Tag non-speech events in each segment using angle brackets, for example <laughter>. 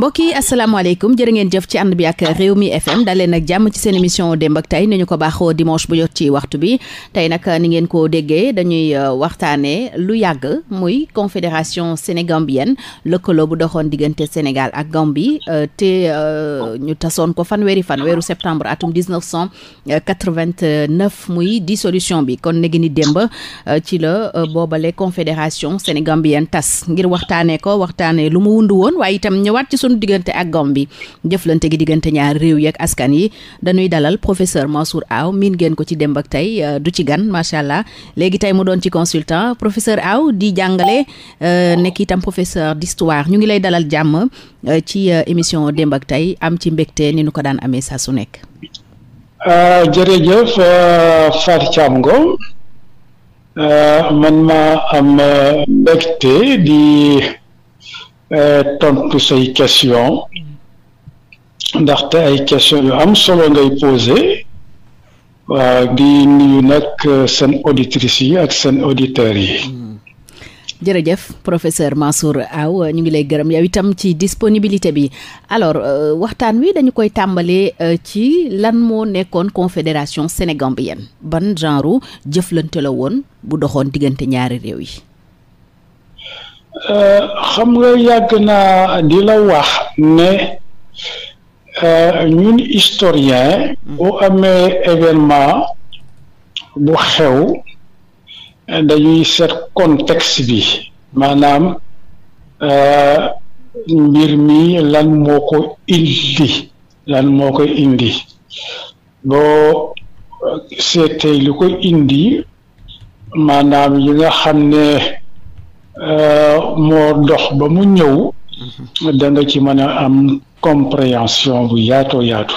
mbokk yi asalaamaaleykum jërë ngeen jëf ci ànd bi ak réew mi FM dalee nag jàmm ci seen émission démb ak tey ni ñu ko baaxoo dimanche bu jot ci waxtu bi tey nag ni ngeen ko déggee dañuy euh, waxtaanee lu yàgg muy confédération sénégambienne lëkkaloo bu doxoon diggante Sénégal ak Gambie euh, te euh, ñu tasoon ko fanweeri fan weeru septembre atum 1989 muy dissolution bi kon negi ni démb ci la boobale confédération sénégambienne tas ngir waxtaanee ko waxtaanee lu mu wundu woon waaye itam ñëwaat ci sunu diggante ak Gambie jëflante gi diggante ñaari réew yi ak askan yi dañuy dalal professeur Mansour Aw miin ngeen ko ci démb tey euh, du ci gan macha allah léegi tey mu doon ci consultant professeur Aw di jàngale euh, nekk itam professeur d'histoire ñu ngi lay dalal jàmm euh, ci émission démb tey am ci mbégte ni nu ko daan amee saa su nekk. jërëjëf Fatou Thiam Ngom man ma am mbégte di. Eh, tontu say question ndaxte ay question yu am solo ngay posé waaw di nuyu nag eh, seen auditrices yi ak seen auditeurs yi hmm. jërëjëf professeur Mansour Aw ñu ngi lay gërëm yow itam ci disponibilité bi alors euh, waxtaan wi dañu koy tàmbalee euh, ci lan moo nekkoon confédération bi sénégambienne ban genre jëflante la woon bu doxoon diggante ñaari réew yi xam nga yàgg naa di la wax ne euh, ñun historien mm. bu amee événement bu xew dañuy set contexte bi maanaam euh, mbir mi lan moo ko indi lan moo ko indi boo seetee lu ko indi maanaam yi nga xam ne Euh, moo dox ba mu ñëw mm-hmm. da nga ci mën a am compréhension bu yaatoo yaatu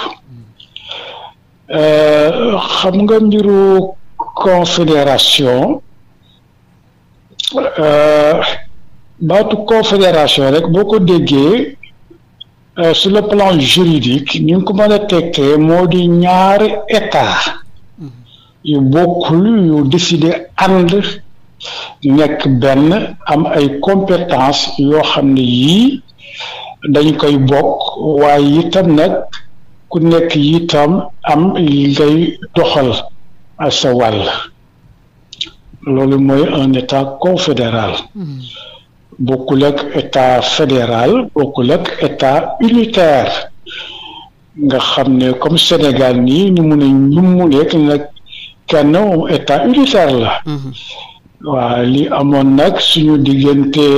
euh, xam nga mbiru confédération euh, baatu confédération rek boo ko déggee sur la plan juridique ni nga ko mën a tekkee moo di ñaari état mm-hmm. yu bokkul yu décider ànd nekk benn am ay compétence yoo xam ne yii dañ koy bokk waaye itam nag ku nekk yitam am li ngay doxal à sa wàll loolu mooy un état confédéral bokkul ak état fédéral bokkul ak état unitaire nga xam ne comme Sénégal nii ni mu ne ñu mu nekk nag kenn état unitaire la. Mm-hmm. waaw li amoon nag suñu diggante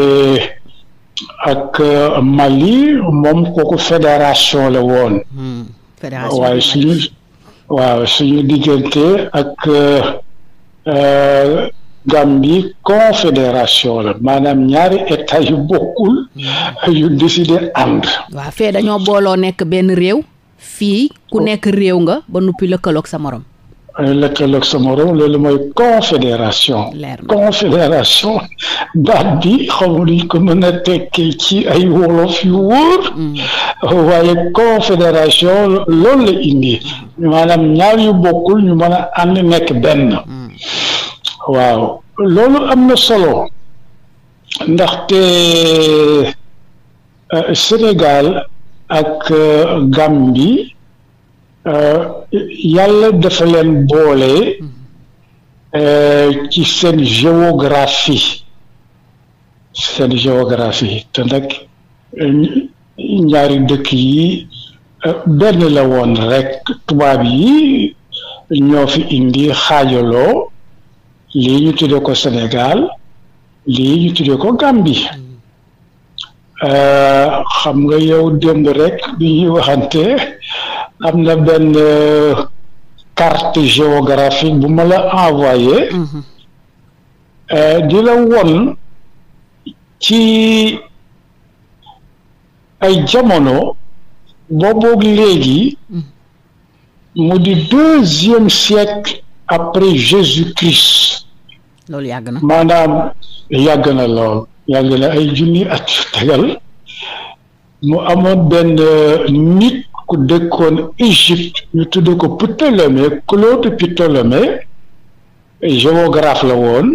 ak euh, Mali moom kooku fédération la woon. Hmm. fédération waaye suñu. waaw suñu diggante ak euh, euh, Gambie confédération la maanaam ñaari état yu bokkul hmm. yu décider ànd. waaw fee dañoo booloo nekk benn réew. fii ku oh. nekk réew nga ba noppi lëkkalook sa morom. lëkkaloog sa morom loolu mooy confédération confédération baat bi xamu ko mën a tekk ci ay wolof yu wóor mm. waaye confédération loolu la indi maanaam ñaar yu bokkul ñu mën a ànd nekk benn mm. waaw loolu am na solo ndaxte euh, Sénégal ak euh, Gambie Euh, yàlla dafa leen boole mhm. euh, ci seen géographie seen géographie te nag euh, ñaari dëkk yi benn la woon rekk tubaab yi ñoo fi indi xaajaloo lii ñu tuddee ko Sénégal lii ñu tuddee ko Gambie mhm. xam nga yow démb rek bi ñuy waxante am na benn euh, carte géographique bu ma la envoyé mhm. euh, di la won ci ay jamono booboog léegi mhm. mu di deuxième siècle après Jésus-Christ loolu yàgg na maanaam yàgg na lool yàgg na ay junni at tegal mu amoon benn euh, nit ku dëkkoon Égypte ñu tudd ko Ptolémée Claude Ptolémée géographe la woon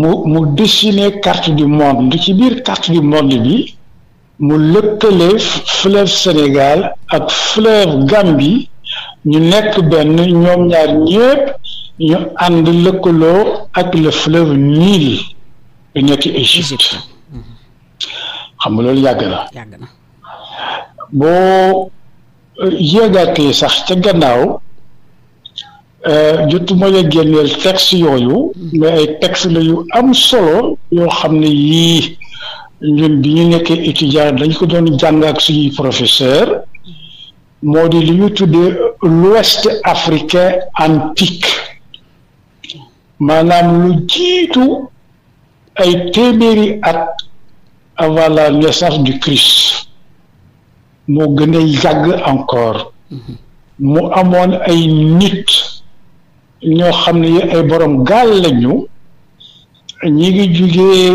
mu mu dessiner carte du monde ci biir carte du monde bi mu lëkkale fleuve Sénégal ak fleuve Gambie ñu nekk benn ñoom ñaar ñépp ñu ànd lëkkaloo ak le fleuve Nil bi nekk Égypte xam nga loolu yàgg na. boo euh, yéegaatee sax ca gannaaw euh, jotuma la génneel texte yooyu mais ay texte la yu am solo yoo xam ne yii ñun bi ñu nekkee étudiant dañ ko doon jàng ak suñuy professeur moo di li ñu tuddee l'ouest africain antique maanaam lu jiitu ay téeméeri at avant la naissance du Christ moo gën a jàgg encore mu amoon ay nit ñoo xam ne ay boroom gaal lañu ñi ngi jugee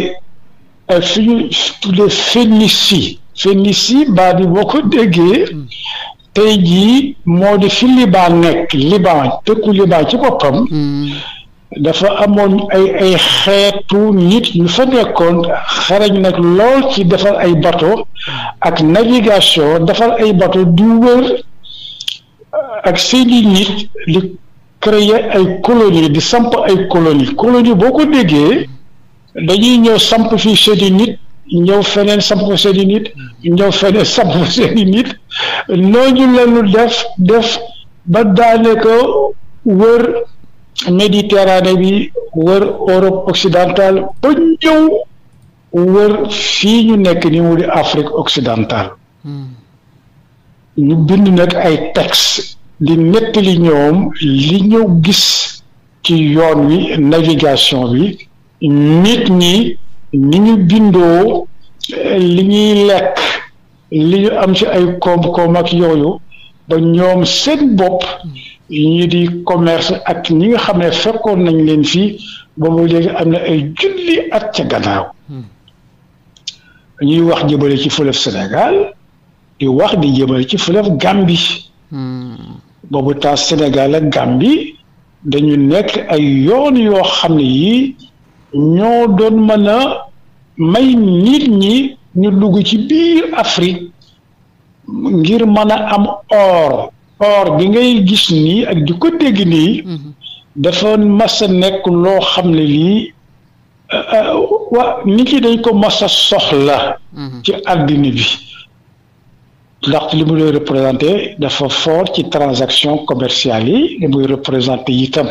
fi euh, ñu tuddee Phénicie Phénicie baa bi boo ko déggee tey jii moo di fi Liban nekk Liban dëkku Liban ci boppam hmm. dafa amoon ay ay xeetu nit ñu fa nekkoon xarañ nag lool ci defar ay bateau ak navigation defar ay bateau du wër uh, ak seeni nit di créer ay colonie di samp ay colonie colonie boo ko déggee dañuy ñëw samp fii seeni nit ñëw feneen samp seeni nit ñëw feneen samp seeni nit nooñu lañu def def ba daane ko wër Méditerranée bi wër Europe occidentale ba ñëw wër fii ñu nekk ni mu di Afrique occidentale hmm. ñu bind nag ay texte di nettali ñoom li ñu gis ci yoon wi navigation bi nit ñi ni ñu bindoo li ñuy lekk li ñu am ci ay koom-koom ak yooyu ba ñoom seen bopp. Hmm. ñii di commerce ak ñi nga xam ne fekkoon nañ leen fii boobu léegi am na ay julli ak ca gannaaw ñuy wax jëmale ci fleuve Sénégal di wax di jëmale ci fleuve Gambie boobu taa Sénégal ak Gambie dañu nekk ay yoon yoo xam ne yii ñoo doon mën a may nit ñi ñu dugg ci biir Afrique ngir mën a am or or bi ngay gis nii ak di ko dégg nii mhm. dafa mas nekk loo xam ne lii euh, euh, wa nit yi dañ ko mas a soxla mhm. ci àddina bi ndax li mu lay représenté dafa fort ci transaction commerciale yi li muy représenté yitam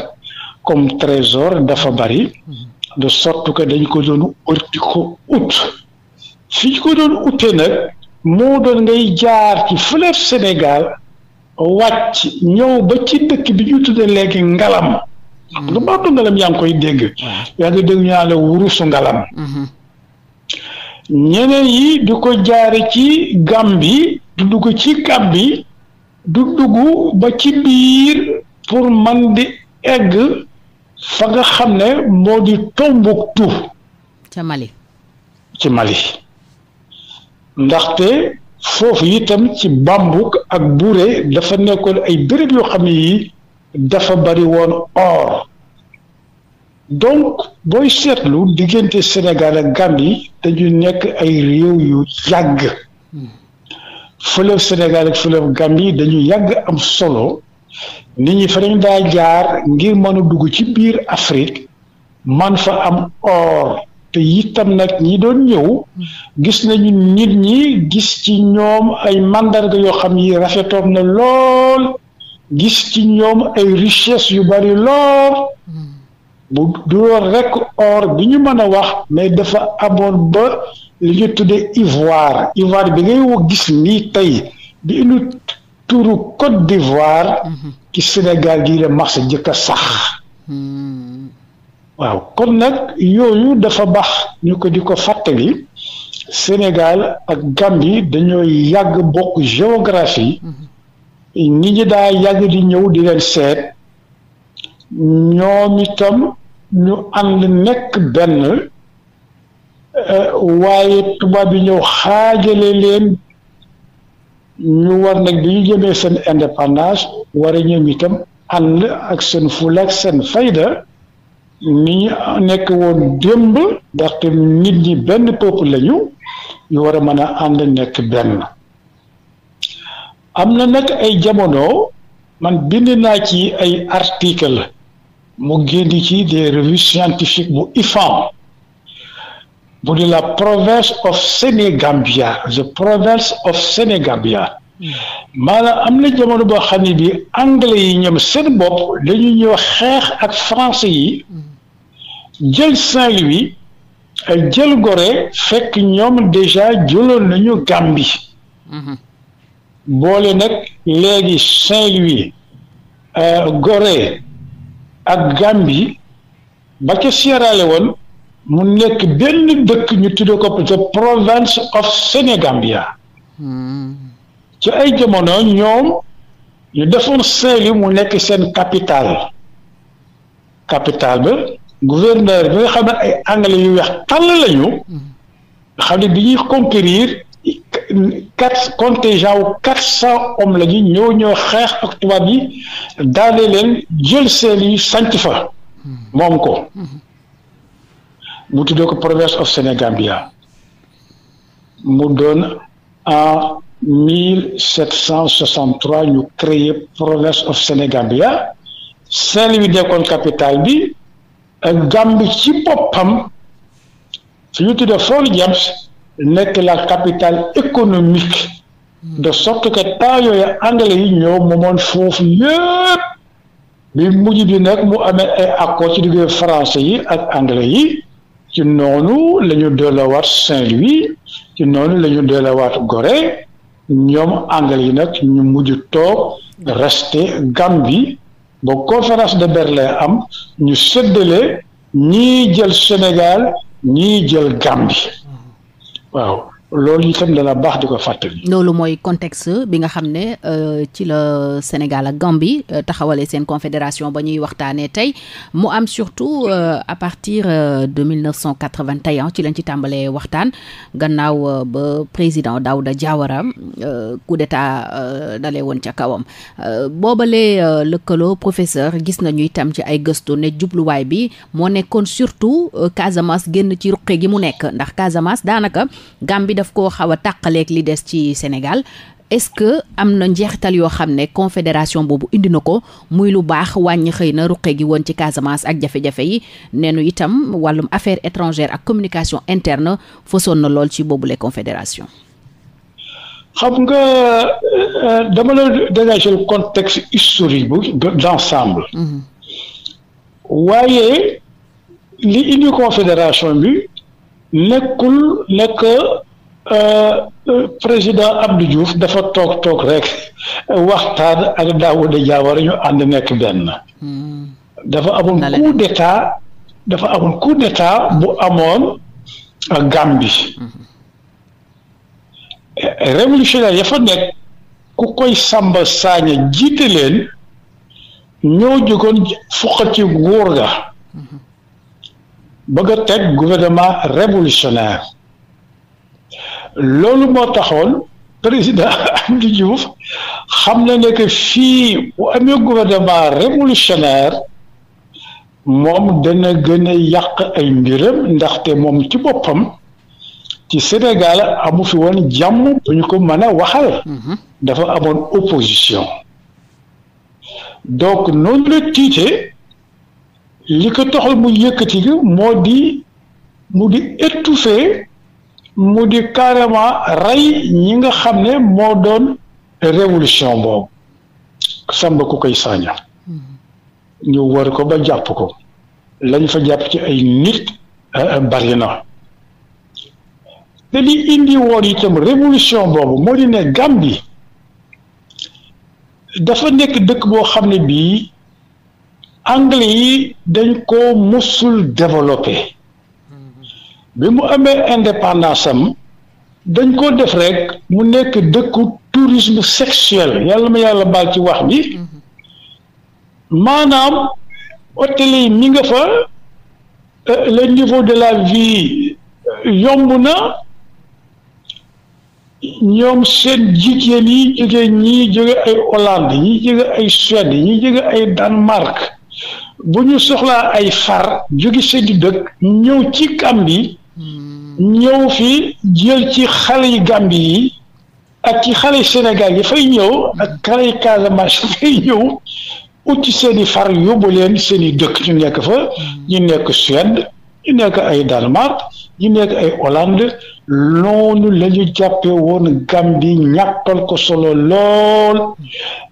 comme trésor dafa bari mhm. de sorte que dañ ko doon ut ko ut fi ñu ko doon utee nag moo doon ngay jaar ci fleuve Sénégal wàcc ñëw ba ci dëkk bi ñu tuddee léegi ngalam. Mm-hmm. lu baatu ngalam yaa ngi koy dégg. yaa ngi dégg ñu wurusu ngalam. Mm-hmm. ñeneen yi di ko jaare ci Gàmbi du dugg ci Gàmbi du dugg ba ci biir pour man di egg fa nga xam ne moo di Tombouctou. ci Mali. ndaxte foofu itam ci bambuk ak bure dafa nekkoon ay béréb yoo xam ne yi dafa bari woon or donc booy seetlu diggante Sénégal ak Gambie dañu nekk ay réew yu yàgg fleuve Sénégal ak fleuve Gambie dañu yàgg am solo nit ñi fa dañ daa jaar ngir mën a dugg ci biir Afrique man fa am or te itam nag ñi doon ñëw gis nañu nit ñi gis ci ñoom ay màndarga yoo xam yi rafetoon na lool gis ci ñoom ay richesse yu bari lool bu du rekk or bi ñu mën a wax mais dafa amoon ba li ñu tuddee ivoire ivoire bi ngay wo gis nii tey bi inu turu Côte d'Ivoire mhm. ci Sénégal gii la marché njëkk a sax hmm. waaw kon nag yooyu dafa baax ñu ko di ko fàttali Sénégal ak Gambie dañoo yàgg bokk géographie nit mhm. ñi daa yàgg di ñëw di leen seet ñoom itam ñu ànd nekk benn eh, waaye tubaab yi ñëw xaajale leen ñu war nag bi ñu jëmee seen indépendance war a ñoom itam ànd ak seen fula ak seen fayda ni ñu nekk woon démb ndaxte nit ñi benn peuple lañu ñu war a mën a ànd nekk benn am na nag ay jamono man bind naa ci ay article mu génn ci des revues scientifiques bu IFAM bu di la province of Senegambia the province of Senegambia maanaam am na jamono boo xam ne bi anglais yi ñoom seen bopp dañu ñëw xeex ak français yi jël Saint-Louis jël gore fekk ñoom déjà jëloon nañu Gambie mhm. boole nag léegi Saint-Louis euh, Gorée ak Gambie ba ca Sierra woon mu nekk benn dëkk ñu tudde ko de province of senegambia mhm. ci ay jamono ñoom ñu defoon saint mu nekk seen capital capital ba gouverneur bi nga xam ne ay anglais yu weex tàll lañu nga xam ne bi ñuy conquérir quatre contingent wu quatre cent hommes lañu ñoo ñëw xeex ak tubaab yi daane leen jël Saint-Louis sanc fa moom ko mu tuddoo ko province of Sénégambia mu doon en 1763 ñu créé province of Sénégambia Saint-Louis nekkoon capitale bi Gambie ci boppam su ñu tuddee Fort James nekk la capital économique de sorte que temps yooyu anglais yi ñëw moomoon foofu yëpp bi mujj bi nag mu amee ay accord ci digg français yi ak anglais yi ci noonu lañu ñu delloowaat Saint-Louis ci noonu lañu ñu delloowaat Gorée ñoom anglais yi nag ñu mujj toog resté Gambie ba conférence de Berlin am ñu séddale ñii jël Sénégal ñii jël Gambie waaw loolu itam dana baax di ko fàttali. loolu mooy contexte bi nga xam ne euh, ci la Sénégal ak Gambie euh, taxawale seen confédération ba ñuy waxtaanee tey mu am surtout euh, à partir de 1981 ci lañ ci tàmbalee waxtaan gannaaw ba président Daouda Diawara coup d'état dalee woon ca kawam boobalee lëkkaloo professeur gis nañu itam ci ay gëstu ne jubluwaay bi moo nekkoon surtout Casamance génn ci ruqe gi mu nekk ndax Casamance daanaka Gambie daf koo xaw a li des ci Sénégal est-ce que am na njeexital yoo xam ne confédération boobu indi na ko muy lu baax wàññi xëy na ruqe gi woon ci Casamance ak jafe-jafe yi neenu itam wàllum affaires étrangères ak communication interne fasoon na lool ci boobule confédération. xam nga euh, dama la dégager le contexte historique bu d'ensemble. Mhm. waaye li indi confédération bi nekkul nekk. Euh, euh, président Abdou Diouf dafa toog toog rekk waxtaan ak Daouda Diawara ñu ànd nekk benn. Hmm. dafa amoon coup d'état dafa amoon coup d'état bu amoon Gambie. Hmm. révolutionnaire ya fa nekk ku koy Samba Sagne jiite leen ñoo jógoon fuqati nguur ga hmm. bëgg a teg gouvernement révolutionnaire loolu moo taxoon président Abdou <laughs> Diouf xam na ne que fii bu amee gouvernement révolutionnaire moom dana gën a yàq ay mbiram ndaxte moom ci boppam ci Sénégal amu fi woon jàmm bu ñu ko mën a waxal. Mhm. dafa amoon opposition. donc noonu la tiite li ko taxal mu yëkkati moo di mu di étouffer mu di carrément rey ñi nga xam ne moo doon révolution boobu samba ku koy saaña ñu war ko ba jàpp ko lañ fa jàpp ci ay nit eh, eh, bari te li indi woon itam révolution boobu moo di ne Gambie dafa nekk dëkk boo xam ne bii anglais yi dañ ko musul développé bi mu amee indépendance am dañ koo def rekk mu nekk dëkku tourisme sexuel yàlla ma yàlla baal ci wax bi maanaam hôtel yi mi nga fa euh, le niveau de la vie euh, yomb na ñoom seen jigéen yi jóge ñii jóge ay Hollande ñii jóge ay Suède ñii jóge ay Danemark bu ñu soxlaa ay far jóge seen dëkk ñëw ci Gàmbi ñëw fi jël ci xale yi Gambie yi ak ci xale yi Sénégal yi fay ñëw ak xale yi Casamance <laughs> fay ñëw ucc seen far yóbbu leen seen i dëkk ñu nekk fa ñu nekk Suède ñu nekk ay Danemark ñu nekk ay Hollande loolu la ñu jàppe woon Gambie ko solo lool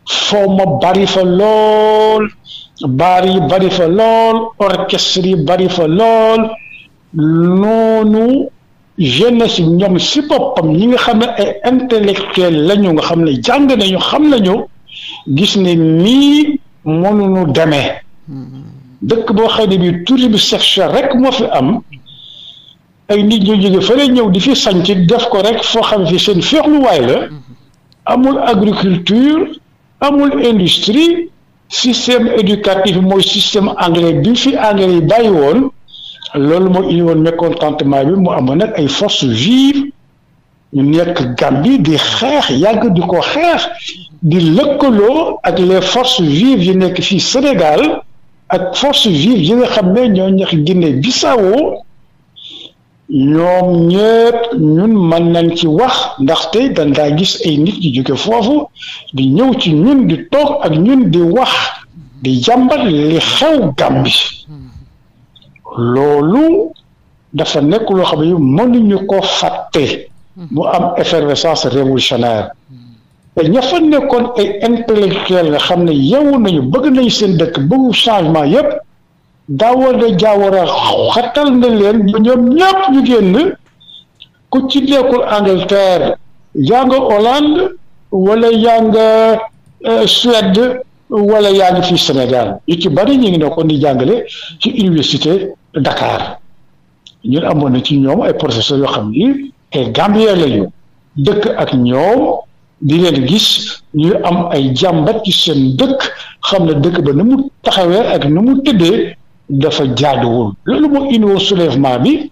fooma bari fa lool baar bari fa lool orchestre bari fa lool nu jeunesse si ñoom si poppam ñi nga xam ne ay lañu nga xam ne jàng nañu xam nañu gis ne nii mënuñu demee mm-hmm. dëkk boo xam ne bi tourisme sexuel rek moo fi am ay nit ñu jóge fële ñëw di fi sanc def ko rek foo xam fi seen féexluwaay la mm-hmm. amul agriculture amul industrie système éducatif mooy système anglais bi fi anglais yi bàyyi woon loolu moo indi woon mécontentement bi mu amoon nag ay force vives ñu nekk Gambie di xeex yàgg di ko xeex di lëkkaloo ak les forces vives yi nekk fii Sénégal ak forces vives yi nga xam ne ñoo ñeex Guinée Bissau ñoom ñëpp ñun man nañ ci wax ndaxte dañ daa gis ay nit yu jóge foofu di ñëw ci ñun di toog ak ñun di wax di jàmbat li xew Gambie loolu dafa nekk loo xam ne mënuñu ko xatte mu am effervescence révolutionnaire te nekkoon ay intellectuel nga xam ne yeewu nañu bëgg nañu seen dëkk bëggu changement yépp daawar de jaawara xatal na leen ñoom ñépp ñu génn ku ci nekkul Angleterre yaa nga Hollande wala yaa nga euh, Suède walla yaa ngi fii Sénégal yu ci bari ñu ngi nekkoon di jàngale ci université Dakar ñun amoon na ci ñoom ay professeurs yoo xam ni ay Gambien lañu dëkk ak ñoom di leen gis ñuy am ay jàmbat ci seen dëkk xam ne dëkk ba ni mu taxawee ak nu mu tëddee dafa jaaduwul loolu moo indiwoon soulèvement bi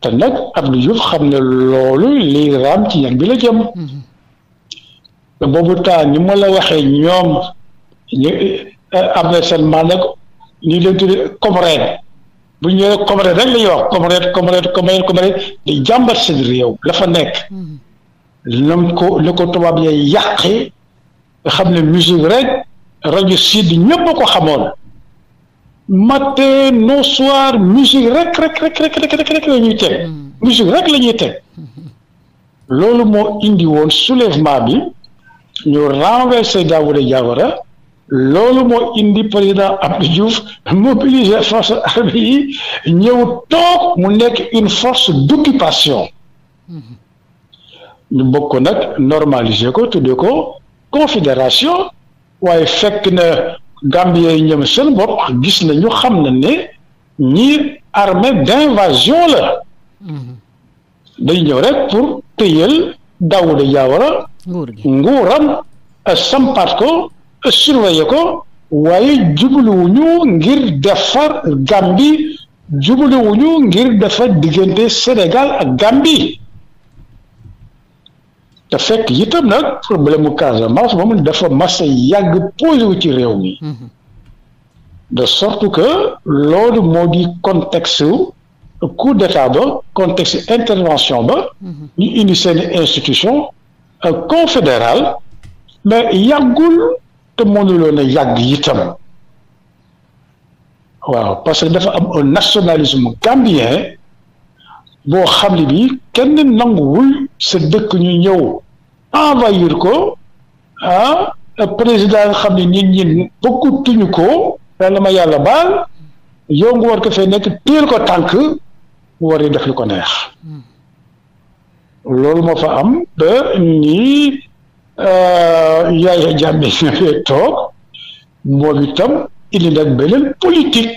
te nag Abdou Diouf xam ne loolu liy raam ci ñag bi la jëm. Mm-hmm. te boobu temps ni ma la waxee ñoom ñu am na seen maanaam ñu leen tuddee comrade bu ñëwee comrade rek la ñuy wax comrade comrade comrade comrade di jàmbat seen réew la fa nekk mm-hmm. nam ko la ko tubaab yay yàqi nga xam ne musique rek rajo sud ñëpp a ko xamoon matin no soir musique rek rek rek rek rek rek la ñuy teg mm-hmm. musique rek la teg mm-hmm. loolu moo indi woon soulèvement bi ñu renversé Daouda Diawara loolu moo indi président Abdou Diouf mobiliser force armée ñëw toog mu nekk une force d'occupation ñu bëgg ko nag normaliser ko tuddee ko confédération waaye fekk na Gambie yi seen bopp gis nañu xam na ni ñi armée d'invasion la mhm. day ñëw rek pour téyel Daouda Diawara nguur gi nguuram sampaat ko surveiller ko waaye jubluwuñu ngir defar Gàmbi jubluwuñu ngir defar diggante Sénégal ak Gàmbi te fekk itam nag problème mu Casamance moom dafa masa yàgg posé wu ci réew mi mhm. de sorte que loolu moo di contexte coup d'état ba contexte intervention ba mhm. ñu indi seen institution Euh, confédéral mais yàggul te mënuloon a yàgg itam waaw parce que dafa am un nationalisme gambien boo xam ni bi kenn nanguwul sa dëkk ñu ñëw envahir ko ah président xam ne nit ñi bëggatuñu ko yàlla ma yàlla baal yow nga war ko fee nekk téel ko tànk war a def lu ko neex. Hmm. loolu moo fa am ba nii euh, Yaya Jammeh ñëwee toog moom itam indi nag beneen politique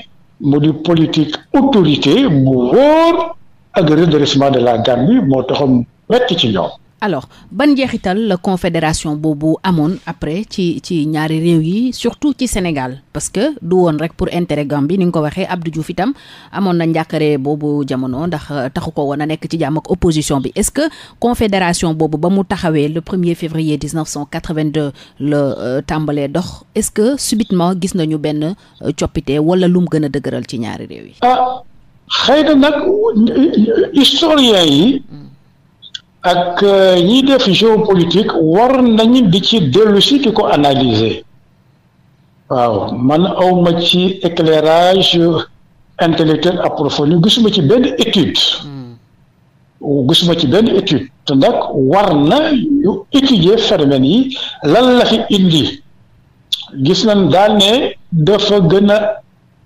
mu di politique autorité bu wóor ak redressement de la Gambie moo taxam metti ci ñoom alors ban njeexital la confédération boobu amoon après ci ci ñaari réew yi surtout ci Sénégal parce que du woon rek pour intérêt bi ni nga ko waxee Abdou Diouf itam amoon na njàkkare boobu jamono ndax euh, taxu ko woon a nekk ci jàmm ak opposition bi est-ce que confédération boobu ba mu taxawee le 1er février 1982 la euh, tàmbalee dox est-ce que subitement gis ñu benn euh, coppite wala lu mu gën a dëgëral ci ñaari réew yi. Ah, historien yi. Hmm. ak euh, ñiy def géopolitique war nañu di ci dellusi si di ko analyser waaw man awma ci éclairage intellectuel approfondi gisuma ci benn étude hmm. gisuma ci benn étude te nag war na ñu étudier phénomène yi lan indi gis nañ daal ne dafa gën a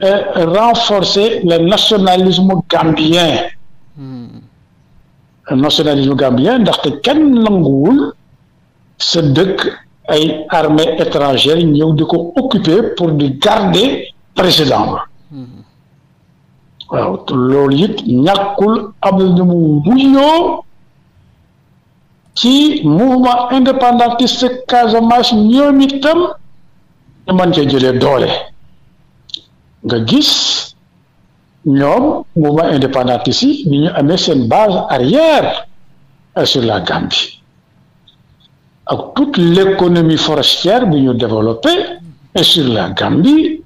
euh, renforcer le nationalisme gambien hmm. nationalisme gambien ndaxte kenn nanguwul sa dëkk ay armée étrangère ñëw di ko occuper pour di garder président ba waaw loolu it ñàkkul am na ñu mu wuyoo ci mouvement indépendantiste Casamance ñoom itam ñu mën cee doole nga gis ñoom mouvement indépendantiste yi ni ñu amee seen base arrière euh, sur la Gambie ak toute l'économie forestière bi ñu développé et euh, sur la Gambie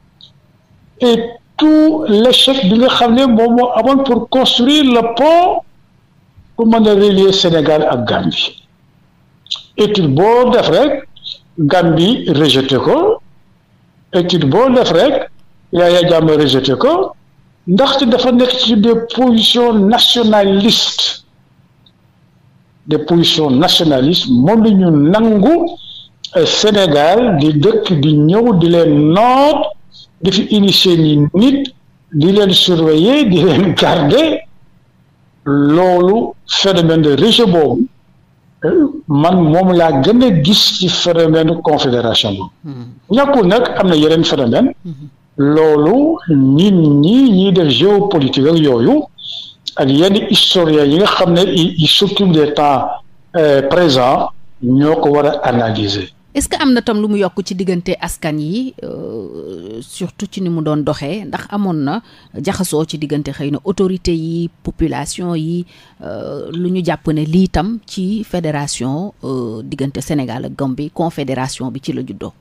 et tout l'échec bi nga xam ne moom moo amoon pour construire le pont pour mën a relier Sénégal ak Gambie étude boo def rek Gambie rejeté ko étude boo def rek Yaya Jammeh rejeté ko ndaxte dafa nekk ci des positions nationalistes de positions nationalistes moom la ñu nangu euh, Sénégal di dëkk di ñëw di leen noot di fi indi seen i nit di leen surveiller di leen garder loolu phénomène de rejet boobu euh, man moom laa gën a gis ci phénomène confédération bi hmm. ñàkkul nag am na yeneen phénomène hmm. loolu nit ñi ñiy def géopolitique ak yooyu ak yenn historiens yi nga xam ne ils s'occupent des temps euh, présents ñoo ko war a analyser. est-ce que am na tam lu mu yokk ci diggante askan yi euh, surtout ci ni mu doon doxee ndax amoon na jaxasoo ci diggante xëy na autorité yi population yi euh, lu ñu jàpp ne lii tam ci fédération diggante Sénégal ak Gambie confédération bi ci la juddoo.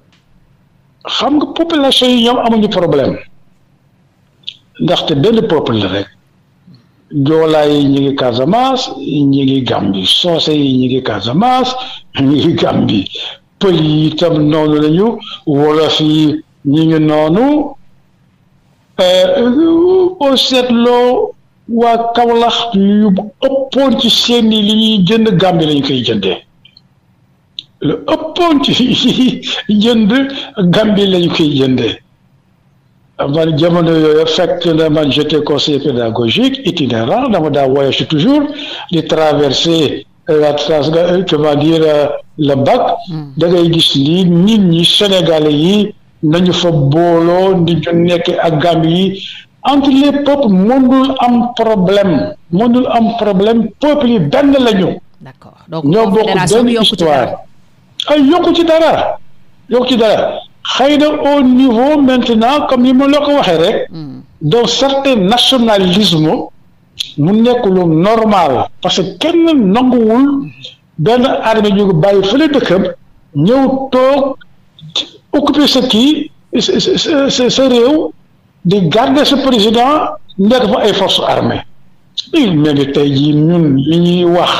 xam nga population yi ñoom amuñu problème ndaxte benn peuple la rek joolaa yi ñu ngi Casamance ñi ngi Gambie soose yi ñu ngi Casamance ñu ngi Gambie pël yi tam noonu lañu wolof yi ñu ngi noonu au euh, seetloo waa Kawlax yu ëppoon ci seeni li ñuy jënd Gambie lañu koy jëndee lu ëppoon ci <laughs> jënd Gambie lañ koy jëndee man jamono yooyu fekk na man j'étais conseiller pédagogique itinérant dama daa voyagé toujours di traverser euh, la euh, comment dire euh, le bac hmm. da ngay gis ni nit ñi sénégalais yi nañu fa booloo ndi ñu nekk ak Gambie yi entre les peuples am problème mënul am problème peuples yi benn lañu. ñoo bokk benn histoire. ay ah, yokku ci dara yokku ci na au niveau maintenant comme ni ma la ko waxee rek hmm. donc certain nationalisme mu nekk lu normal parce que kenn nanguwul benn armée ñu bàyyi fële dëkkam ñëw toog occuper sa kii sa réew di garder sa président nekk fa ay forces armées il mel ni tey jii wax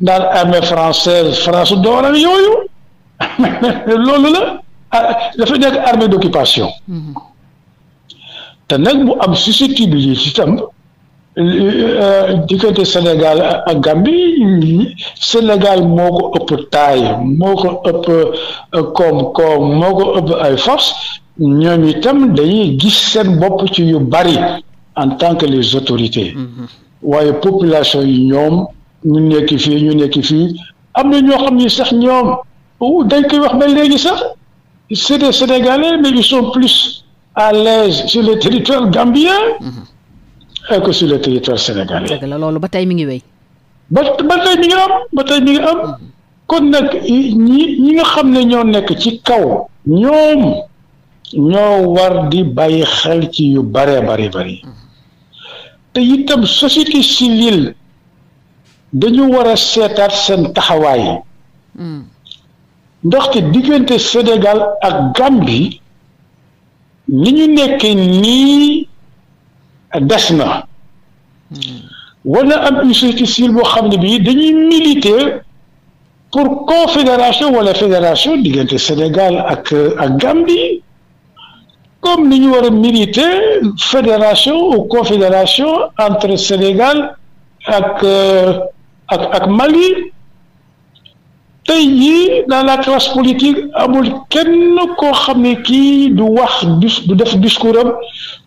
naan armée française France dooral yooyu <laughs> loolu la ah, dafa nekk armée d'occupation mhm. te nag mu am susceptibilité itam euh, euh, diggante Sénégal ak Gambie Sénégal moo ko ëpp taille moo ko ëpp euh, koom-koom moo ko ëpp ay force ñoom itam dañuy gis seen bopp ci yu bari en tant que les autorités mhm. waaye population yi ñoom ñu nekk fii ñu nekk fii am na ñoo xam ni sax ñoom ou dañ koy wax ba léegi sax c'est des Sénégalais mais ils sont plus à l'aise sur le territoire gambien mhm. que sur le territoire sénégalais. dëgg la loolu ba tey mi ngi wéy. ba ba tey mi ngi am ba tey mi ngi am mhm. kon nag ñi ñi nga xam ne ñoo nekk ci kaw ñoom ñoo war di bàyyi xel ci yu bare bari bari mhm. te itam société civile dañu war a seetaat seen taxawaay. ndaxte diggante Sénégal ak Gambie ni ñu nekk nii des na war na am une boo xam ne bi dañuy militer pour confédération wala fédération diggante Sénégal ak ak Gambie comme ni ñu war a militer fédération ou confédération entre Sénégal ak euh, ak ak Mali tey yii dans la classe politique amul kenn koo xam ne kii du wax du def discours am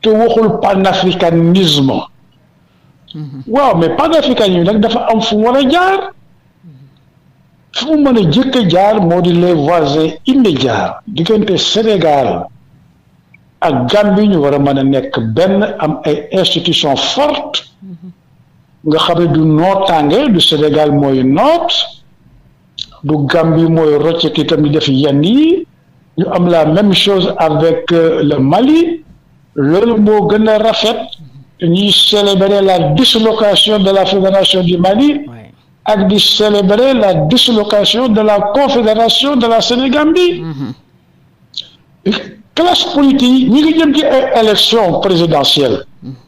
te waxul panafricanisme mm-hmm. waaw mais panafricanisme nag dafa am fu mu war a jaar fu mu mën a jëkk a jaar moo di les voisins immédiats diggante Sénégal ak Gambie ñu war a mën a nekk benn am ay institution fort mm-hmm. nga xam ne du nootaange du Sénégal mooy noot de Gambie mooy rocceki itam di def yenn yi ñu am la même chose avec euh, le Mali le moo gën a rafet ñuy célébrer la dislocation de la fédération du Mali ak di célébrer la dislocation de la confédération de la Sénégambie mm-hmm. classe politique ñi ngi jëm ci élection présidentielle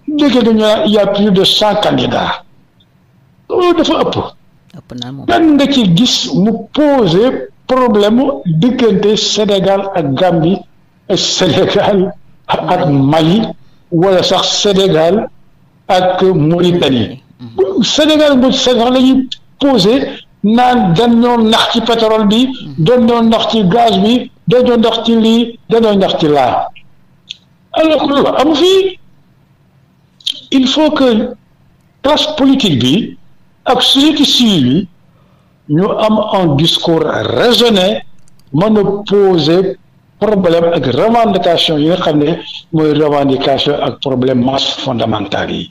mm-hmm. il y a plus de cent candidats loolu dafa ëpp. ëpp naa nga ci gis mu posé problème diggante Sénégal ak Gambie Sénégal ak Mali wala sax Sénégal ak Mauritanie mm-hmm. Sénégal bu Sénégal la ñuy posé naan dañoo ci pétrole bi mm-hmm. dañoo nax ci gaz bi dañoo nax ci lii dañoo nax ci laa alors que amu fii il faut que classe politique bi ak su ci suivi ñu am un discours raisonné man a poser problème ak revendication yi nga xam ne mooy revendication ak problème masse fondamentale yi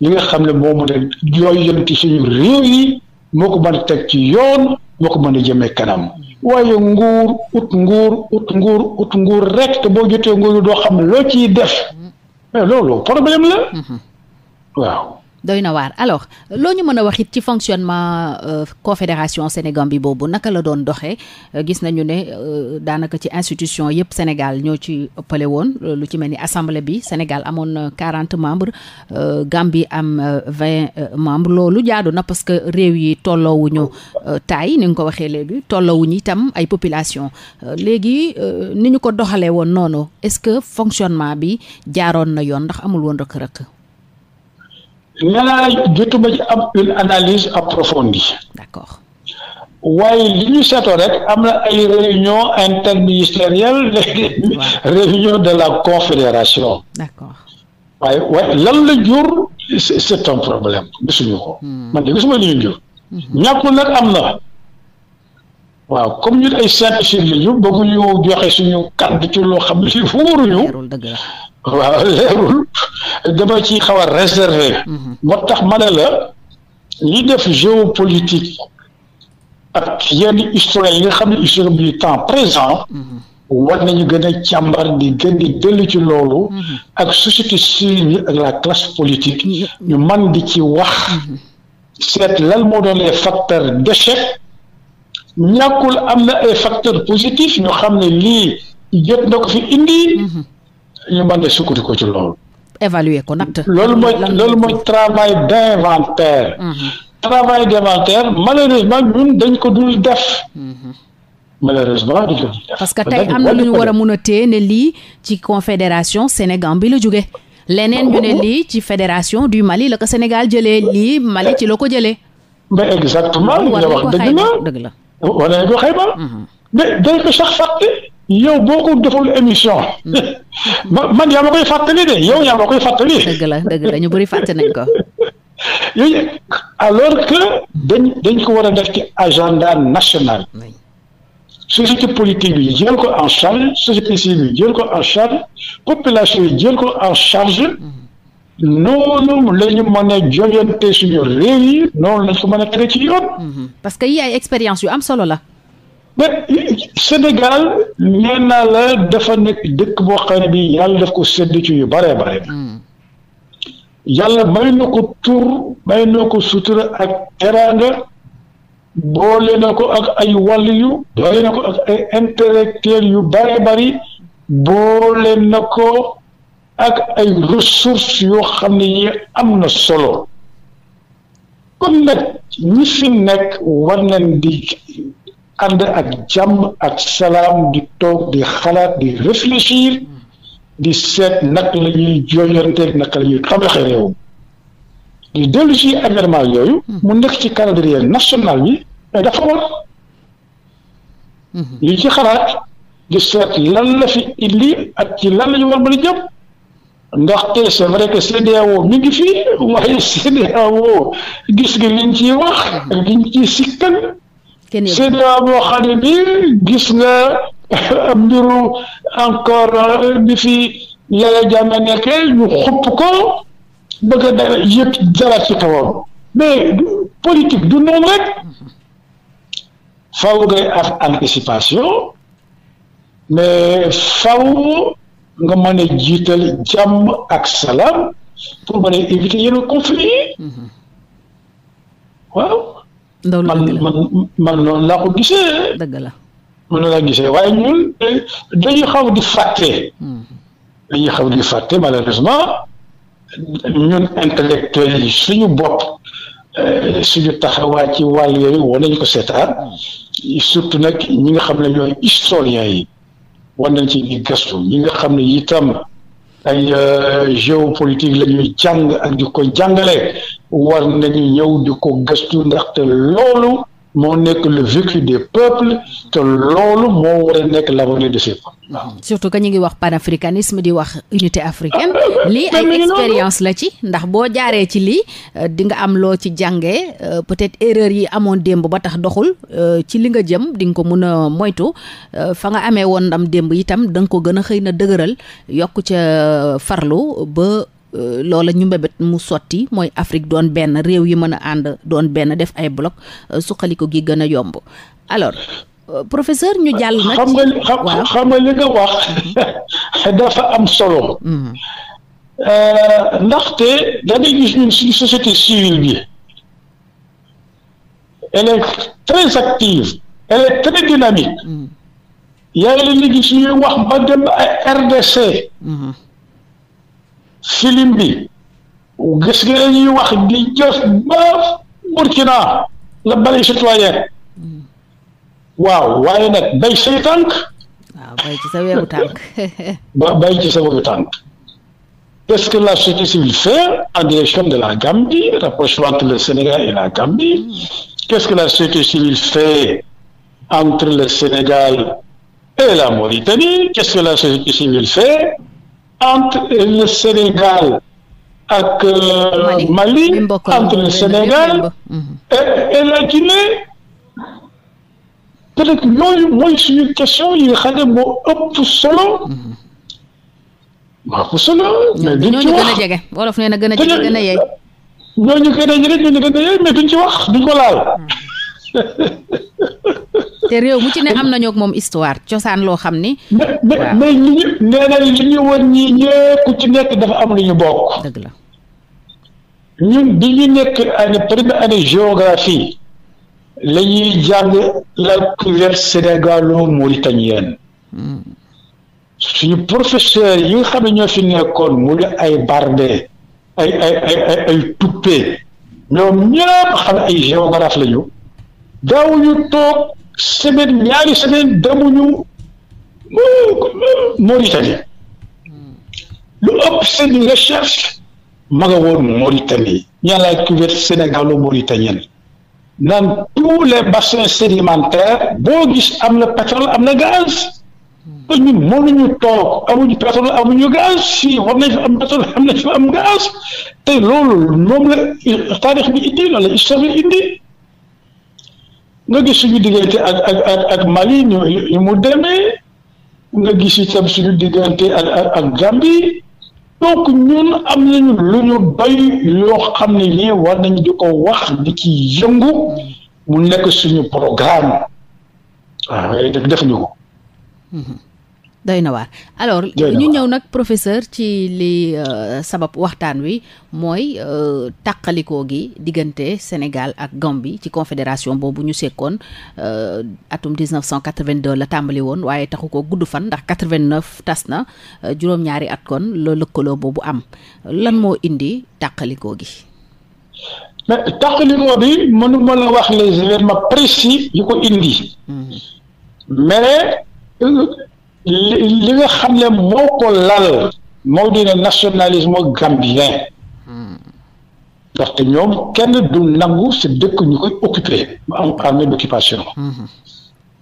yi hmm. nga xam ne moo mën a yooyu yëm ci suñu réew yi moo ko mën a teg ci yoon moo ko mën a jëmee kanam hmm. waaye nguur ut nguur ut nguur ut nguur rek te boo jotee nguur yi doo xam loo ciy def hmm. mais loolu problème la waaw doy na waar alors loo ñu mën a wax it ci fonctionnement euh, sénégal Sénégambie boobu naka la doon doxee euh, gis nañu ne euh, daanaka ci institution yëpp Sénégal ñoo ci ëppale woon euh, lu ci mel ni assemblée bi Sénégal amoon na quarante membres euh, Gambie am euh, vingt membres loolu jaadu na parce que réew yi tolloowuñu taay ni nga ko waxee léegi tolloowuñu itam ay population léegi ni ñu ko doxalee woon noonu est-ce que fonctionnement bi jaaroon na yoon ndax amul woon rëkk-rëkk nee naa jotuma ci am une analyse approfondie. d'accord. waaye li ñu seetoo rek am na ay réunion interministérielle <laughs> réunion de la confédération waaye waaye lan la jur c'est un problème gisuñu ko hmm. man de gisuma li ñu jur hmm. ñàkkul nag am na waaw comme ñun ay scientifique li ñu bëgguñu joxe suñu kàddu ci loo xam li <laughs> wóoruñu waaw leerul dama ci xaw a réservé mhm. moo tax ma ne la li def géopolitique ak yenn historien yi nga xam ne historien bi temps présent mhm. war nañu gën a càmbar di gën di dellu ci loolu mhm. ak société civile bi ak la classe politique ñu man di ci wax seet lan moo doon les facteurs d'échec ñàkkul am na ay facteurs positifs ñu xam ne lii jot na ko fi indi ñu mën a ko ci loolu. évaluer ko natt. loolu mooy loolu mooy travail d' inventaire. Mhm. travail d' ñun mhm. dañ ko dul def. parce que tey am na lu ñu war a mun a téye ne lii ci confédération Sénégal bi la jóge leneen ñu ne lii ci fédération du Mali la ko Sénégal jëlee lii Mali ci la ko jëlee. exactement li nga wax dëgg la. wane nañ ko Xaybar da mhm. dañ ko sax fàtte yow boo ko deful émission mhm. man yaa ma koy fàttali de yow yaa ma koy fàttali dëgg la dëgg la ñu bëri fàtte nañ ko <laughs> yooyu alors que dañ dañ ko war a def ci agenda national société politique bi jël ko en charge société civile bi jël ko en charge population yi jël ko en charge mhm. noonu la ñu mën a joyante suñu réew yi noonu la su mën a tege ci yoon. Mhm. parce que yi ay expérience yu am solo la. mais Sénégal nee la dafa nekk dëkk boo xam ne bi yàlla daf ko sédd ci yu bare bare. Mhm. yàlla may na ko tur may na ko sutura ak teraanga boole na ko ak ay wàll yu boole na ko ak ay intellectuel yu bare bari boole na ko. ak ay ressources yoo xam ne yi am na solo kon nag ñi fi nekk war nañ di ànd ak jàmm ak salaam di toog di xalaat di réfléchir di seet nag la ñuy jooyanteeg naka la ñuy tabaxee réew di dellu ci événement yooyu mu nekk ci calendrier national bi mais dafa war mhm. li ci xalaat di seet lan la fi indi ak ci lan la ñu war mën a jëm ndaxte c'est vrai que CEDEAO mi ngi fi waaye <laughs> CEDEAO gis nga liñ ciy wax liñ ciy sikkal CEDEAO boo xam ne bi gis nga <laughs> mbiru encore euh, bi fi Yaya Jammeh nekke ñu xupp ko bëgg a dara yëpp dara ci kawam mais politique du noonu rek faw ngay am anticipation mais faw nga mën a jiital jàmm ak salaam pour mën a éviter yenn conflit yi mm-hmm. waaw. ndaw man man man noonu laa ko gisee. dëgg la man noonu laa gisee waaye ñun eh, dañuy xaw di fàtte. Mm-hmm. dañuy xaw di fàtte malheureusement ñun intellectuels yi suñu bopp. Eh, suñu taxawaay ci wàll yooyu war nañu ko seetaan mm-hmm. surtout nag ñi nga xam ne ñooy historiens yi war nañ ci di gëstu ñi nga xam ne itam ay euh, géopolitique la ñuy jàng ak di ko jàngale war nañu ñëw di ko gëstu ndaxte loolu moo nekk le vécu des peuples te loolu moo war a nekk l'avenir de ces peuples surtout que ñu ngi wax panafricanisme di wax unité africaine ah, ah, lii ay expérience la ci ndax boo jaaree ci lii euh, di nga am loo ci jàngee euh, peut-être erreur yi amoon démb ba tax doxul euh, ci li nga jëm di nga ko mën a moytu fa nga amee woon ndam démb itam da nga ko gën a xëy na dëgëral yokk ca farlu ba Euh, loola ñu mbébét mu sotti mooy Afrique doon benn réew yi mën a ànd doon benn def ay bloc euh, suqaliko gi gën a yomb alors euh, professeur ñu jàll nag. xam nga xam nga li nga wax mhm. <laughs> dafa am solo. Mhm. ndaxte da ngay gis ñun suñu société bi elle est très dynamique. yaa ngi leen di gis wax ba dem ay RDC. Mhm. silim bi gis nga ñuy wax di jos ba Burkina la bari citoyen hmm. waaw waaye nag bay say tànk waaw bay ci sa weeru tànk <laughs> ba bay ci sa weeru tànk Qu'est-ce que la société civile fait en direction de la Gambie, rapprochement entre le Sénégal et la Gambie hmm. Qu'est-ce que la société civile fait entre le Sénégal et la Mauritanie Qu'est-ce que la société civile fait entre le Sénégal ak euh, Mali entre le Sénégal et la Guinée peut-être yooyu mooy suñu question yi nga xam ne moo ëpp solo mm-hmm. moo ëpp solo mais duñ ci wax wolof nee na gën a jege gën a yey ñooñu gën a jege ñooñu gën a yey mais duñ ci wax duñ ko laal mm-hmm. <laughs> te réew mu ci ne am nañoo ak moom histoire cosaan loo xam ni. waaw mais ñi ñu nee ñu wër ñi ñëpp ku ci nekk dafa am lu ñu bokk. dëgg la ñun bi ñu nekk année première année géographie la ñuy jàng la culture sénégalo-mauritanienne. ñu professeur yi nga xam ne ñoo fi nekkoon mu di ay Bardé ay ay ay ay Toupé ñoom ñëpp xam ay géographe lañu daawuñu toog. semaine ñaari semaine demuñu Mauritanie lu ëpp seen recherche ma nga woon Mauritanie ñu la cuvette sénégalo-mauritanienne naan tous les bassins sédimentaires boo gis am na pétrole am na gaz te ñun mënuñu toog am pétrole am am gaz te loolu moom la taarix bi indi loolu la histoire bi indi nga gis suñu diggante ak ak ak ak Mali ñu ñu mu demee nga gis itam suñu diggante ak ak ak Gambie donc ñun am nañu lu ñu bay yoo xam ne lii war nañu di ko wax di ci yëngu mu nekk suñu programme waaw def ñu ko. Mm-hmm. doy na waar alors ñu ñëw nag professeur ci li euh, sabab waxtaan wi mooy euh, tàqalikoo gi diggante Sénégal ak Gambie ci confédération boobu ñu sekkoon euh, atum 1982 la tàmbali woon waaye taxu ko gudd fan ndax 89 tas na juróom-ñaari at kon la lëkkaloo boobu am lan moo indi tàqalikoo gi mais tàqalikoo bi mënuma la wax les événements précis yu ko indi mm-hmm. mais li nga xam ne moo ko lal moo di ne nationalisme gambien ndaxte ñoom kenn du nangu si dëkk ñu koy occupé mu am armée d'occupation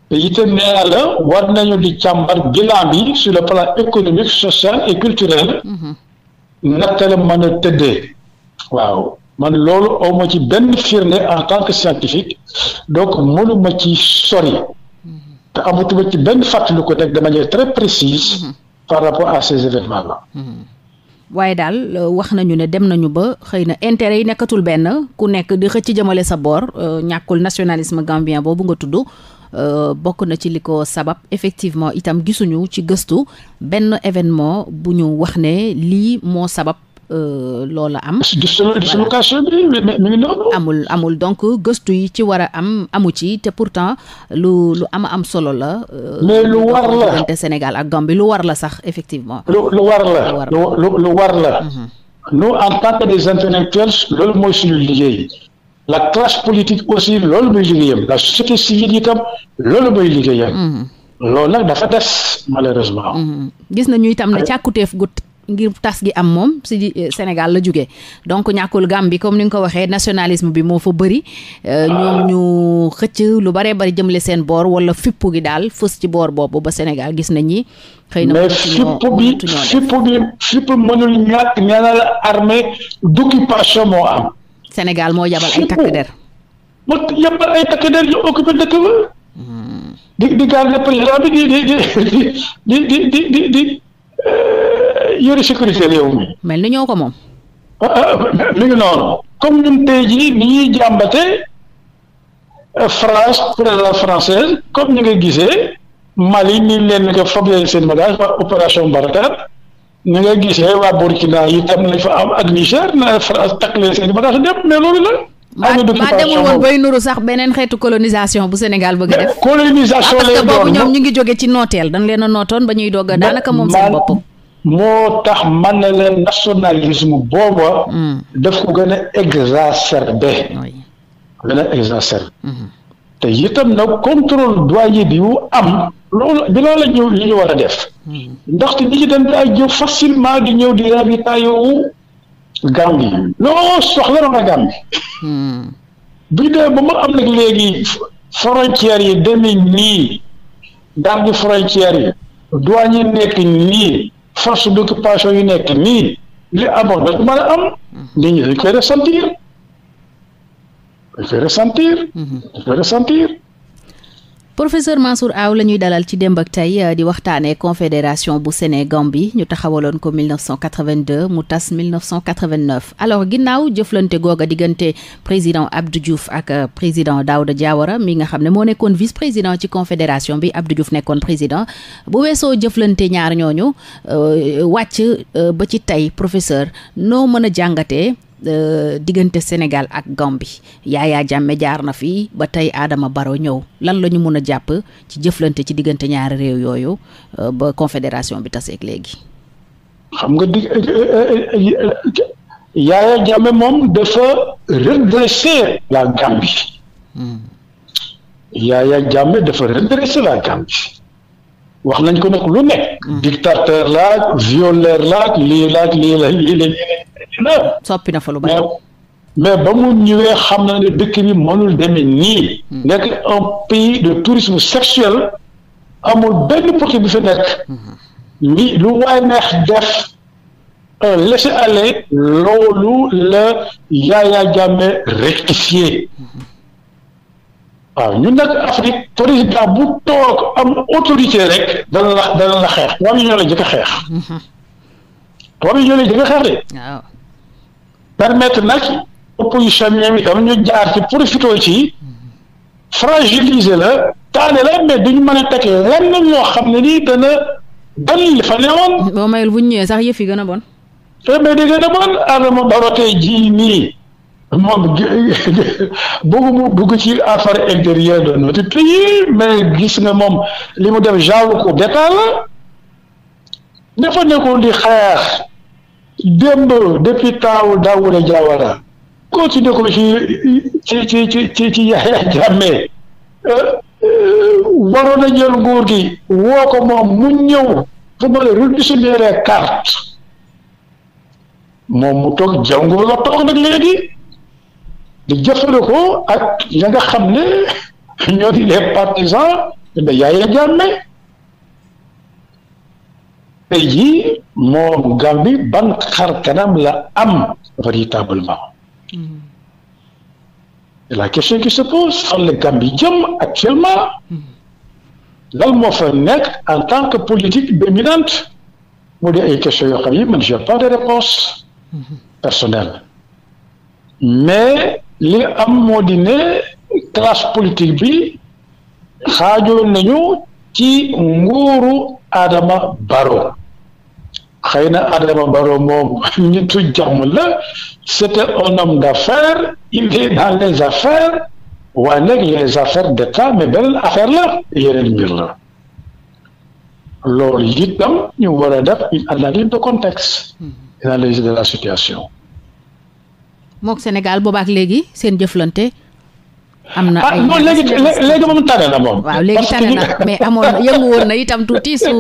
te itam nee la war nañu di càmbar bilan bi sur le plan économique social et culturel naka la mën a tëddee waaw man loolu awma ci benn firnde en tant que scientifique donc mënuma ci sori te amatuma ci benn fàttaliku nag de manière très précise. Mhm. par rapport à ces événements là. Mhm. waaye daal euh, wax nañu ne dem nañu ba xëy na intérêt yi nekkatul benn ku nekk di xëcc jëmale sa boor euh, ñàkkul nationalisme gambien boobu nga tudd euh, bokk na ci li ko sabab effectivement itam gisuñu ci gëstu benn événement bu ñu wax ne lii moo sabab Euh, loola am. du solo du solo amul amul donc gëstu yi ci war a am amu ci te pourtant lu lu am am solo la. Euh, mais lu war la diggante Sénégal ak Gambie lu war la sax effectivement. lu lu war la lu lu war la. Mhm. nous en tant que des intellectuels loolu mooy suñu liggéey. la classe politique aussi loolu mooy liggéeyam la société civile itam loolu mooy liggéeyam. Mhm. loolu nag dafa des malheureusement. Mhm. gis nañu itam ne càkkutéef gu ngir tas gi am moom si Sénégal la jógee donc ñàkkul Gambie comme ni nga ko waxee nationalisme bi moo fa bëri ñoom ñu xëcc lu bare bari jëmle seen boor wala fippu gi daal fës ci boor boobu ba Sénégal gis nañ xëy na mais fippu bi fippu bi fippu mënul ñàkk ñaanal armée d'occupation moo am. Sénégal moo yabal ay takk der. di di di di di. yëre sécurité réew mi. mel ni ñoo ko moom. Ah, ah, mi ngi noonu comme ñun tey jii ni ñuy jàmbate euh, France présence française comme ñu nga gisee Mali ni leen nga fabee seen bagage par opération Barkhane ni nga gisee waa Burkina yi tam lañ fa am ak Niger na France takk leen seen bagage dem mais loolu la. maa demul woon bay nuru sax beneen xeetu colonisation bu Sénégal bëgg a def. colonisation ah, lay doon parce que boobu ñoom ñu ngi jóge ci nooteel dañ leen a nootoon ba ñuy doog daanaka moom seen bopp. moo tax man na leen nationalisme booba mm. def ko gën a exacerbé gën a exacerbé mm-hmm. te itam na contrôle douanier bi am loolu bi loolu la ñëw li ñu war a def mm-hmm. ndaxte ñi ci dem daay jëw facilement di ñëw di ravitaillé wu Gambie loo soxla na nga Gambie mm-hmm. bi dee ba mu am nag léegi frontières yi demee nii garde frontières yi douanier nekk nii force d' occupation yu nekk nii li amoon dañ ko mën a am mhm. nit ñi dañ koy ressentir dañ mhm. professeur Mansour Aw la ñuy dalal ci démb ak tey di waxtaanee confédération bu bi ñu taxawaloon ko 1982 mu tas 1989 alors ginnaaw jëflante googa diggante président Abdou Diouf ak euh, président Daouda jaawara mi nga xam ne moo nekkoon vice président ci confédération bi Abdou Diouf nekkoon président bu weesoo jëflante ñaar ñooñu euh, wàcc euh, ba ci tey professeur noo mën a jàngatee Euh, diggante Sénégal ak Gambie yaaya Jammeh jaar na fi ba tey aadama Barrow ñëw lan la mën a jàpp ci jëflante ci diggante ñaari réew yooyu euh, ba confédération bi taseeg léegi. xam nga di euh, Yaya Jammeh moom dafa redresser la Gambie. Hmm. Yaya Jammeh dafa redresser la Gambie. wax nañ ko nag lu nekk. Mm. dictateur laag violeur laag lii laag lii la lii la lii la. soppi na fa lu bari. mais ba mu ñëwee xam na ne dëkk bi mënul demee nii. Mm. nekk un pays de tourisme sexuel amul benn projet bu fi nekk. li mm-hmm. lu waay neex def un euh, laisser aller loolu la Yaya Jammeh rectifié. waaw ñun nag Afrique président bu toog am autorité rek dana la dana la xeex tubaab yi ñoo lay jëkk a xeex tubaab yi ñoo lay jëkk a xeex de permettre nag opposition ñoom itam ñu jaar ci profito ci fragiliser la taale la mais duñu mën a teg lenn loo xam ne nii dana ban li fa newoon boo mayul bu ñu ñëwee sax yëf yi gën a bon mais di gën a bon Adama Barrow tey jii nii moom <laughs> bëggu mu bëgg ci affaire intérieure de notre pays mais gis nga moom li mu def genre ko d'état la dafa nekkul di xeex démb depuis taawu Daouda Diawara continué ko ci ci ci ci ci ci Yahya Jammeh euh, euh, waroon na jël nguur gi woo ko moom mu ñëw fu mu ne carte moom mu toog jàngu la toog nag léegi. di jëfandikoo ak ña nga xam ne <laughs> ñoo di les partisans de eh Yaya Jammeh tey jii moom Gambie ban xar kanam la am véritablement hmm. la question qui se pose fan la Gambie actuellement hmm. lan moo nekk en tant que politique dominante mu di ay questions yoo xam yi man pas de réponse hmm. personnelle mais li am moo di ne classe politique bi xaajo nañu ci nguuru Adama Barrow xëy na Adama Barrow moom <laughs> nitu jàmm la c'était un homme d'affaires il est dans les affaires waaye nag les affaires d'État mais beneen affaire la yeneen mbir la loolu itam ñu war def une analyse de contexte une hmm. analyse de la situation mook Sénégal boobaak léegi seen jëflante am na ah, ay moom léegi léegi moom tane na moom waaw léegi tane na mais amoon yëngu woon na itam tuuti su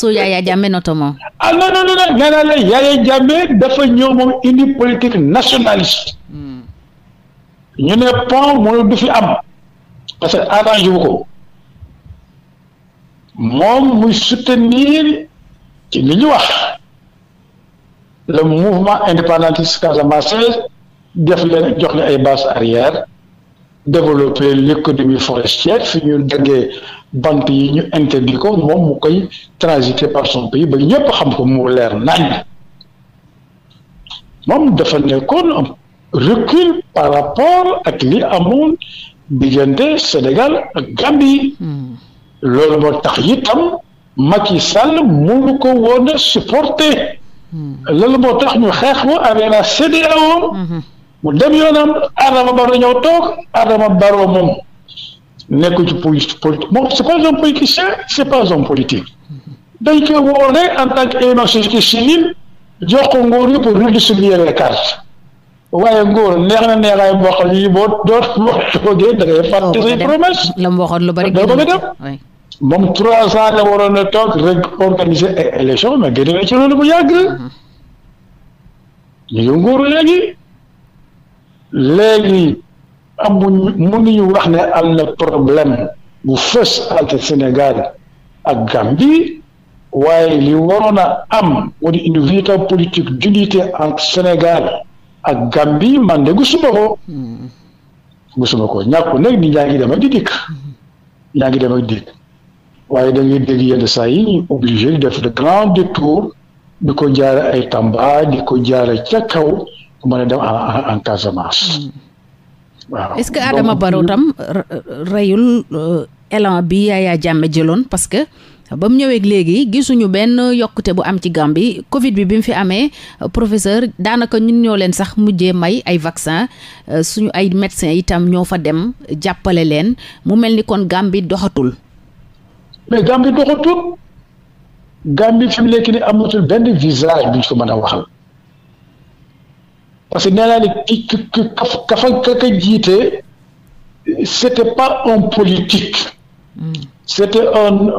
su Yaya Jammeh notamment ah non non non nee naa la Yaya Jammeh dafa ñëw moom indi politique nationaliste hmm. ñu ne pont mënul du fi am parce que arrange wu ko moom muy soutenir ci li ñu wax le mouvement indépendantiste casamançais def leen jox leen ay base arrière développer l'économie forestière fi ñu daggee bant yi ñu interdit ko moom mu koy transiter par son pays ba ñëpp xam ko mu leer nañ moom dafa nekkoon am par rapport ak li amoon diggante Sénégal ak Gambie hmm. loolu moo tax itam Macky Sall mënu ko woon a supporter hmm. loolu moo tax ñu xeex wa avec la CEDEAO hmm. mu dem yoonam Adama Barrow ñëw toog Adama Barrow moom nekkul ci politique moom c'est pas un politicien c'est pas un politique dañ koy woo rek en tant que élément société civile jox ko nguur yi pour redistribuer les cartes waaye ngoor neex na neexaay boo xam ne boo doot boo toogee da ngay fàtte say promesse la mu waxoon moom trois ans la waroon a toog rek organiser ay élection mais génne na ci loolu bu yàgg mm-hmm. ñu ngi nguur léegi léegi amuñu mënuñu wax ne am na problème bu fës entre Sénégal ak Gambie waaye li waroon a am wala une véritable politique d'unité entre Sénégal ak Gambie man de gisuma ko hmm. gisuma ko ñàkku nag ni ñaa ngi dem ak di dikk hmm. ñaa ngi dem ak dikk waaye da dégg yenn saa yi ñu def de grand détour di ko jaar ay Tamba di ko jaare ca kaw mën a dem en waaw est-ce que Adama Barrow tam reyul élan euh, bi yaaya Jammeh jëloon parce que ba mu ñëwee léegi gisuñu benn yokkute bu am ci Gambie Covid bi bi mu fi amee euh, professeur daanaka ñun ñoo leen sax mujjee may ay vaccin euh, suñu ay médecins itam ñoo fa dem jàppale leen mu mel ni kon Gambie doxatul. mais Gambie doxatul Gambie amatul benn visage bu ñu ko a waxal. parce que nee pas un politique hmm. c'était un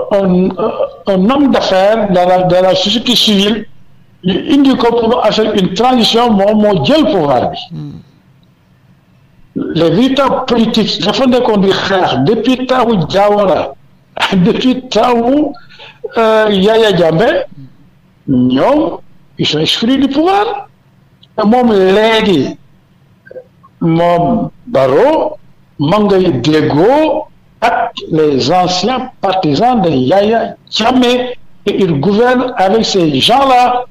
homme d'affaires dans la société civile ñu indi pour affaire une transition moom moo pouvoir hmm. les véritables politiques dafa nekkoon di xeex depuis taawu <laughs> euh, Yaya Jammeh ñoom ils sont exclus du pouvoir te moom léegi moom Barrow ma déggoo ak les anciens partisans de Yahya Jammeh et il gouverne avec ces gens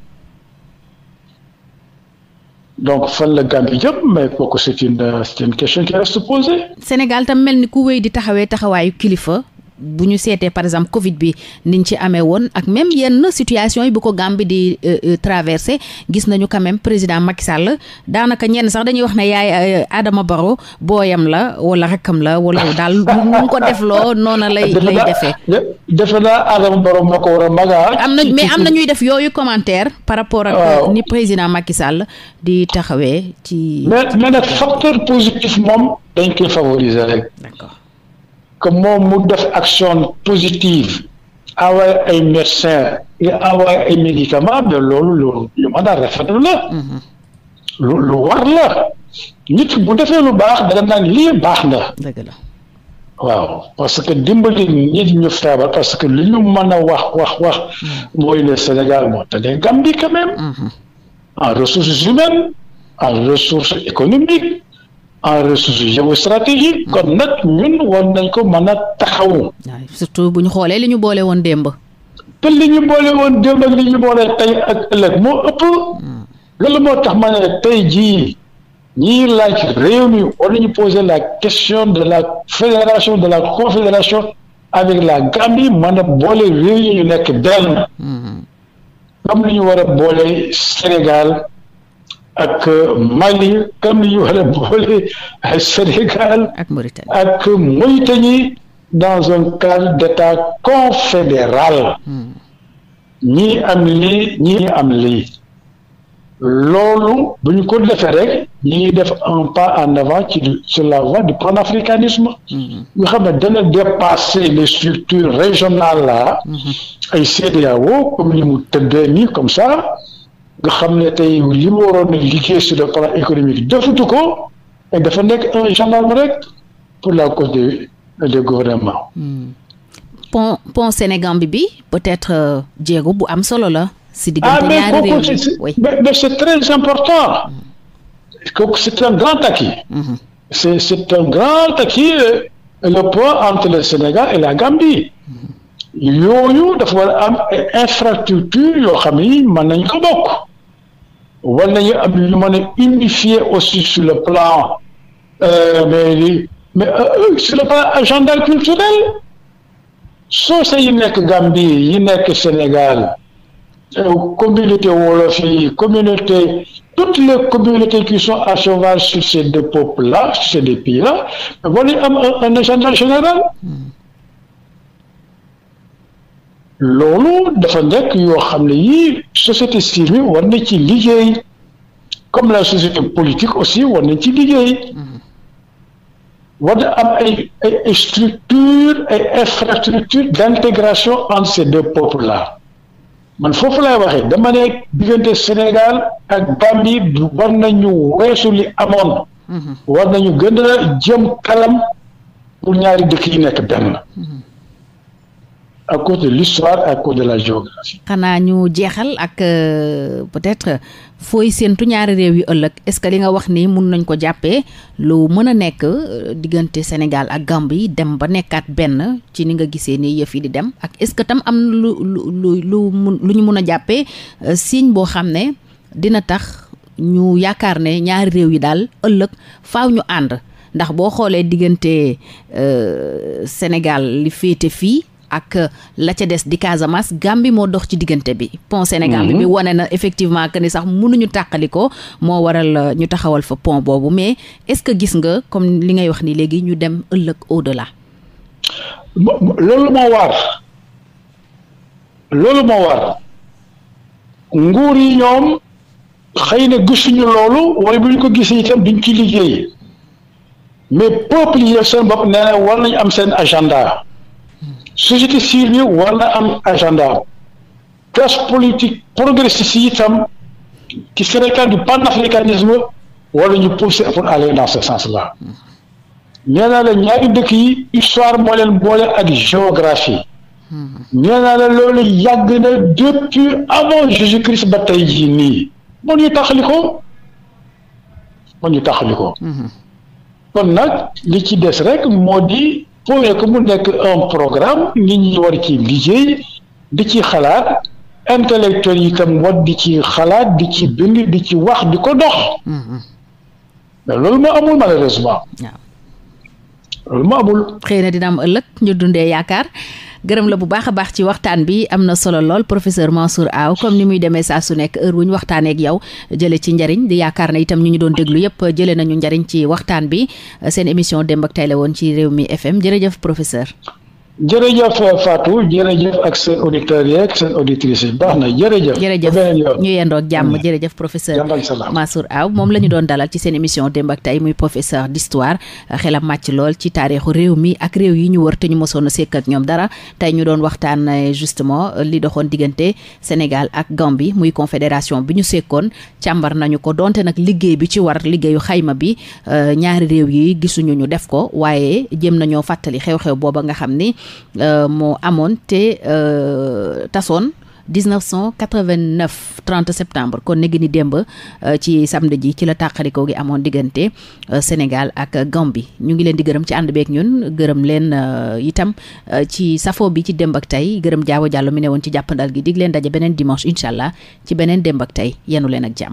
donc fan la Gambie jëm mais kooku c'est question qui reste posée. Sénégal tam mel ni ku wéy di taxawee taxawaayu kilifa. bu ñu seetee par exemple Covid bi niñ ci amee woon ak même yenn situation yi bu ko Gambie di euh, euh, traversé gis nañu quand même président Macky Sall daanaka ñenn sax dañuy wax ne yaay euh, Adama Barrow booyam la wala rakkam la wala daal mu ko def loo noona lay lay defee. defe naa Adama Barrow moo ko war a maga. am na mais am na ñuy def yooyu commentaire par rapport ak ni président Macky Sall di taxawee ci. mais mais nag facteur positif moom dañ koy favoriser rek. que moom mu def action positive envoyé ay médecins et envoyé ay médicaments loolu loolu lu mën a rafetlu la mhm. lu war la nit bu defee lu baax da nga naan lii baax na waaw parce que dimbali nit ñu feebar parce que li ñu mën a wax wax wax mhm. mooy le Sénégal moo tane Gambie quand même mhm. en ressources humaines en ressources économiques en ressources géostratégiques kon nag ñun war nañ ko mën a taxawu. surtout bu ñu xoolee li ñu boole woon démb. te li ñu boole woon démb ak li ñu boole tey ak ëllëg moo ëpp. Hmm. loolu moo tax ma ne tey jii ñiy laaj réew mi war nañu poser la question de la fédération de la confédération avec la Gambie mën a boole réew yi ñu nekk benn. comme li ñu war a boole Sénégal. ak Mali kam li ñu boole Sénégal ak Mauritanie ak Mauritanie dans un cadre d'état confédéral hmm. ñii am lii ñii am lii loolu bu ñu ko defee rek ñi ngi def un pas en avant ci sur la voie du panafricanisme ñu hmm. xam ne dana dépasser les structures régionales là hmm. ay CEDEAO comme ni mu tëddee comme ça nga xam ne tey li mu waroon a liggéey sur le plan économique defutu ko et dafa nekk un gendarme rek pour la cause de gouvernement. Hmm. pont pont bi peut-être euh, jéego bu am solo la. si diggante ah, ñaari réew mi mais c'est très important. Hmm. kooku c'est un grand acquis. Hmm. c'est c'est un grand acquis euh, le pont entre le Sénégal et la Gambie. yooyu dafa war a am infrastructure yoo xam ni mën nañ ko bokk. war nañu am lu mën a unifier aussi sur le plan euh, mais mais euh, euh, sur le plan agenda culturel soose yi nekk Gambie yi nekk Sénégal communauté wolof yi communauté toutes les communautés qui sont à cheval sur ces deux peuples là sur ces deux pays là war nañu am loolu dafa nekk yoo xam ne yii société civile war na ci liggéey comme la société politique aussi war nañ ci liggéey war na am ay ay structure ay infrastructure d'intégration entre ces deux peuples là man foofu laay waxee dama ne diggante Sénégal ak Gambie war nañu weesu li amoon mhm. war nañu gën a jëm kalam pour ñaari dëkk yi nekk benn mhm. à xanaa ñu jeexal ak euh, peut-être fooy séentu ñaari réew yu ëllëg est-ce que li nga wax ni mun nañ ko jàppee lu mën a nekk euh, diggante Sénégal ak gàmb yi dem ba nekkaat benn ci ni nga gisee ni yëf yi di dem ak est-ce que tam am lu lu lu mun lu ñu mën a jàppee euh, signe boo xam ne dina tax ñu yaakaar ne ñaari réew yi daal ëllëg faw ñu ànd ndax boo xoolee diggante Sénégal li féete fii. ak la ca des di Casamance Gambie moo dox ci diggante bi pont Sénégal bi mhm. wone na effectivement que ni sax mënuñu tàqali ko moo waral euh, ñu taxawal fa pont boobu mais est-ce que gis nga comme li ngay wax ni léegi ñu dem ëllëg au-delà. loolu moo war nguur yi ñoom xëy na gisuñu loolu wala bu ñu ko gisee itam duñ ci liggéey mais peuple yi seen bopp nee war nañu am seen agenda. société civile war na am agenda classe politique progressiste yi itam qui se réclame du panafricanisme war nañu pousser pour aller dans ce sens là nee naa la ñaari dëkk yi histoire moo leen boole ak géographie nee naa la loolu yàgg na depuis avant Jésus Christ ba tey jii nii moo ñu taxali ko moo ñu taxali ko mm-hmm. kon li ci des rek moo di pour que mu nekk un programme nit ñi war ci liggéey di ci xalaat intellectuel yi itam war di ci xalaat di ci bind di ci wax di ko dox mm-hmm. mais loolu moo amul malheureusement loolu moo amul xëy na dinam ëllëg ñu dundee yaakaar gërëm la bu baax a baax ci waxtaan bi am na solo lool professeur Mansour Aw comme ni muy demee saa su nekk heure bu ñu waxtaanee yow jële ci njariñ di yaakaar ne itam ñu ñu doon déglu yépp jële nañu njariñ ci waxtaan bi seen émission démb ak tay woon ci réew mi FM jërëjëf professeur jërëjëf euh, Fatou jërëjëf ak seen auditeurs yeeg seen auditrices yi baax na jërëjëf. ñu yendoo ak mm. jàmm jërëjëf professeur Mansour Aw moom la ñu doon dalal ci seen émission démb ak tey muy professeur d'histoire xelam màcc lool ci taarixu réew mi ak réew yi ñu wër te ñu mosoon a sekk ak ñoom dara tey ñu doon waxtaan euh, justement euh, li doxoon diggante Sénégal ak Gambie muy confédération bi ñu sekkoon càmbar nañu ko donte nag liggéey bi ci war liggéeyu xayma bi ñaari réew yi gisuñu ñu def ko waaye jëm nañoo fàttali xew-xew booba nga xam ni Euh, moo amoon te euh, tasoon 1989 30 septembre kon ne gi ni démb euh, ci samedi ji ci la tàqalikoo gi amoon diggante Sénégal ak Gambie ñu ngi leen di gërëm ci ànd beek ñun gërëm leen itam ci safo bi ci démb ak tey gërëm jaawo jàllo mi ne woon ci jàppandal gi dig leen daje beneen dimanche incha allah ci beneen démb ak tey yenu leen ak jàmm